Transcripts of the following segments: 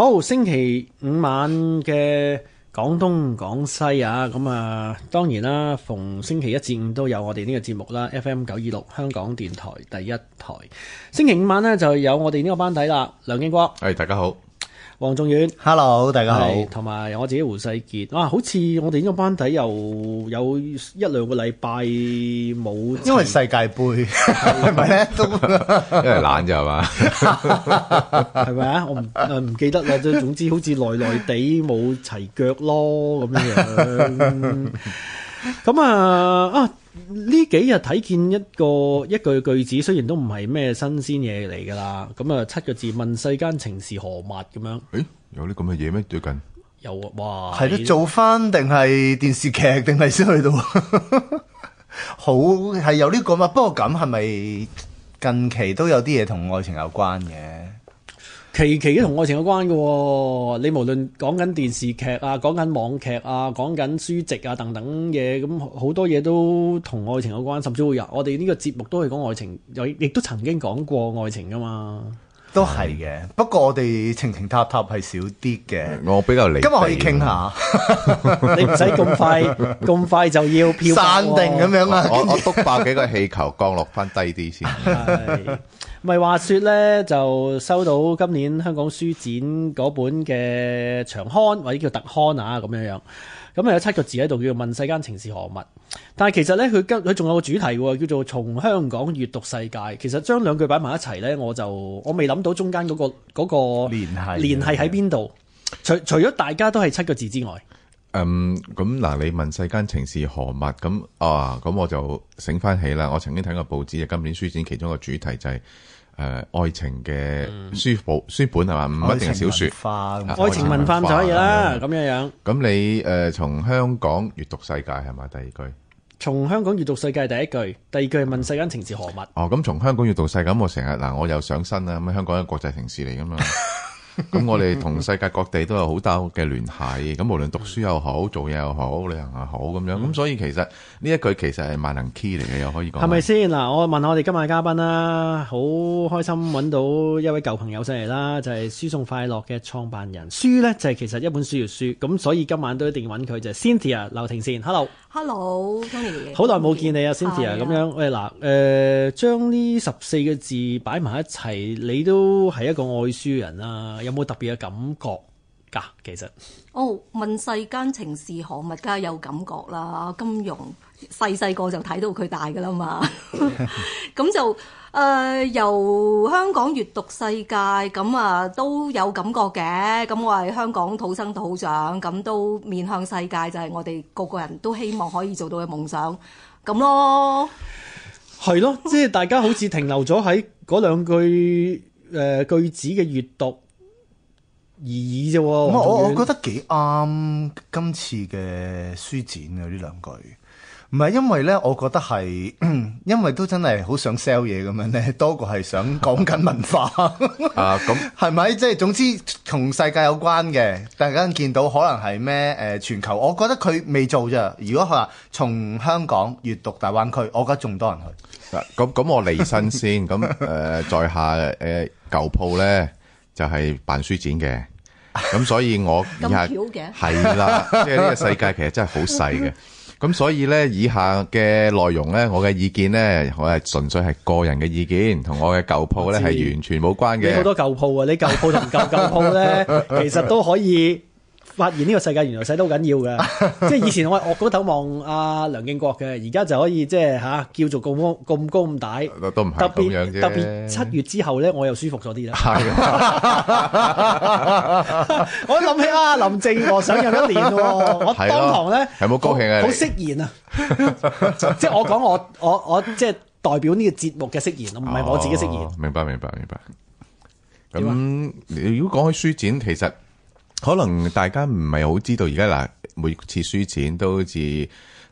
好，星期五晚嘅廣東廣西啊，咁啊，當然啦，逢星期一至五都有我哋呢個節目啦。 FM 九二六香港電台第一台，星期五晚咧就有我哋呢個班底啦。梁敬國，係，大家好。黃仲遠，hello，大家好，同埋我自己胡世杰，哇、啊，好似我哋呢個班底又有一兩個禮拜冇，因為世界盃係咪咧？因為懶就係嘛，係咪 啊？我唔誒唔記得啦，即總之好似耐耐哋冇齊腳咯咁樣，咁啊啊！啊呢幾日睇見一個一句句子，雖然都唔係咩新鮮嘢嚟噶啦，咁啊七個字問世間情是何物咁樣。誒、欸，有啲咁嘅嘢咩最近？有啊，哇！係咯，做翻定係電視劇定係先去到。 好，係有呢個嘛？不過咁係咪近期都有啲嘢同愛情有關嘅？期期都同愛情有關嘅喎，哦，你無論講緊電視劇啊、講緊網劇啊、講緊書籍啊等等嘢，咁好多嘢都同愛情有關，甚至會有我哋呢個節目都係講愛情，又亦都曾經講過愛情噶嘛。都係嘅，不過我哋情情塔塔係少啲嘅。 我比較嚟今日可以傾下， 你唔使咁快咁 快就要票，哦。散定咁樣啊！ 我我督爆幾個氣球降落翻低啲先。 咪話説咧，就收到今年香港書展嗰本嘅長刊或者叫特刊啊，咁樣樣。咁啊有七個字喺度，叫做問世間情是何物。但係其實咧，佢跟佢仲有個主題喎，叫做從香港閱讀世界。其實將兩句擺埋一齊咧，我就我未諗到中間嗰個，嗰個聯繫係喺邊度？除除咗大家都係七個字之外。嗯，咁嗱，你問世間情是何物？咁啊，咁我就醒翻起啦。我曾經睇過報紙，就今年書展其中一個主題就係、是、誒、呃、愛情嘅書報、嗯、書本係嘛，唔一定係小說，愛情文化，愛情文化，情文化就可以啦。咁樣樣。咁你誒從、呃、香港閱讀世界係咪？第二句。從香港閱讀世界，第一句，第二句係問世間情是何物？嗯、哦，咁從香港閱讀世界，我成日嗱，我又上身啦。咁香港係國際城市嚟噶嘛？ 咁 我哋同世界各地都有好大嘅聯繫，咁無論讀書又好，做嘢又好，旅行又好，咁樣，咁所以其實呢一句其實係萬能 key 嚟嘅，又可以講。係咪先嗱？我問下我哋今晚嘅嘉賓啦，好開心揾到一位舊朋友上嚟啦，就係、是、書送快樂嘅創辦人書呢就係、是、其實一本書要書，咁所以今晚都一定要揾佢就係、是、Cynthia 劉庭善，Hello。Hello，好耐冇見你啊，Cindy 啊，咁樣，喂嗱誒，將呢十四個字擺埋一齊，你都係一個愛書人啦，有冇特別嘅感覺？咁，其實。噢，問世間情是何物家有感覺啦，金融，細細個就睇到佢大㗎啦嘛。咁就，呃，由香港閱讀世界，咁啊，都有感覺嘅，咁我係香港土生土長，咁都，面向世界，就係我哋個個人都希望可以做到嘅夢想。咁咯。係囉，即係大家好似停留咗喺嗰兩句，呃，句子嘅閱讀。Oh, 意義啫喎，我我覺得幾啱今次嘅書展啊。呢兩句，唔係因為咧，我覺得係因為都真係好想 sell 嘢咁樣咧，多過係想講緊文化啊，咁係咪即係總之同世界有關嘅，大家見到可能係咩誒全球，我覺得佢未做啫。如果佢話從香港閲讀大灣區，我覺得仲多人去。咁咁，我離身先咁，誒，在下誒舊鋪咧，就係辦書展嘅。咁 所以我以下，係啦，即係呢個世界其實真係好細嘅，咁 所以咧以下嘅內容咧，我嘅意見咧，我係純粹係個人嘅意見，同我嘅舊鋪咧係完全冇關嘅。你好多舊鋪啊，你舊鋪同舊舊鋪咧， 其實都可以。發現呢個世界原來細都好緊要嘅，即係以前我係惡嗰頭望阿梁敬國嘅，而家就可以即係吓叫做咁高咁高咁大，都唔係特別特別，七月之後咧，我又舒服咗啲啦。我諗起阿林鄭上任一年，我當堂咧係冇高興啊，好釋然啊，即係我講我我我即係代表呢個節目嘅釋然，唔係我自己釋然，明白明白明白。咁如果講開書展，其實。可能大家唔係好知道，而家嗱，每次書展都好似誒、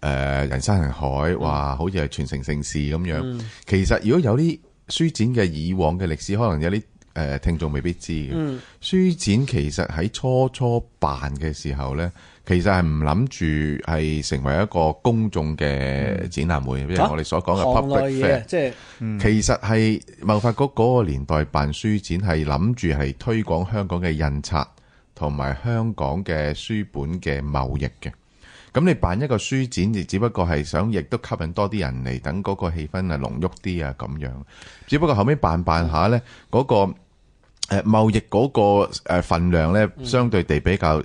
呃、人山人海，哇，好似係全城盛事咁樣。嗯、其實如果有啲書展嘅以往嘅歷史，可能有啲誒、呃、聽眾未必知嘅、嗯、書展其初初，其實喺初初辦嘅時候咧，其實，係唔諗住係成為一個公眾嘅展覽會，譬、嗯、如我哋所講嘅 public、啊、fair，即係其實，係貿發局嗰個年代辦書展係諗住係推廣香港嘅印刷。同埋香港嘅書本嘅貿易嘅，咁你辦一個書展，亦只不過係想，亦都吸引多啲人嚟，等嗰個氣氛啊濃郁啲啊咁樣。只不過後尾辦辦下呢嗰、嗰個誒貿易嗰個誒份量呢，相對地比較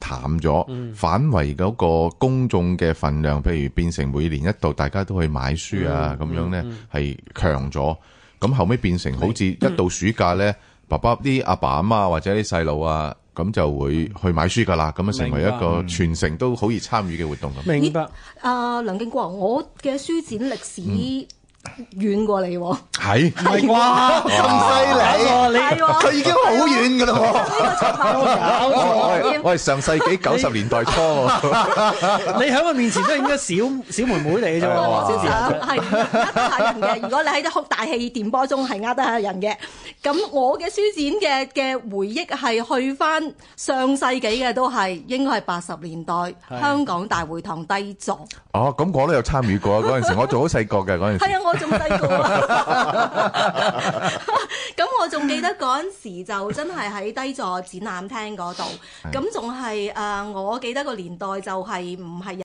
淡咗，反為嗰個公眾嘅份量，譬如變成每年一度，大家都去買書啊咁樣呢係強咗。咁後尾變成好似一到暑假呢，爸爸啲阿爸阿媽或者啲細路啊。咁就會去買書㗎啦，咁啊白成為一個全城都好易參與嘅活動。明白， 啊梁敬國，我嘅書展歷史。嗯遠過你喎，係，係啩，咁犀利，佢已經好遠噶啦，呢我係上世紀九十年代初，你喺我面前都係應該小小妹妹嚟嘅啫嘛，少少，係呃得下人嘅。如果你喺啲好大氣電波中係呃得下人嘅，咁我嘅書展嘅嘅回憶係去翻上世紀嘅都係應該係八十年代香港大會堂低座，哦，咁我都有參與過嗰陣時，我做好細個嘅嗰陣，係啊，我。仲低過啊！咁 我仲記得嗰陣時就真係喺低座展覽廳嗰度，咁仲係呃！我記得個年代就係唔係。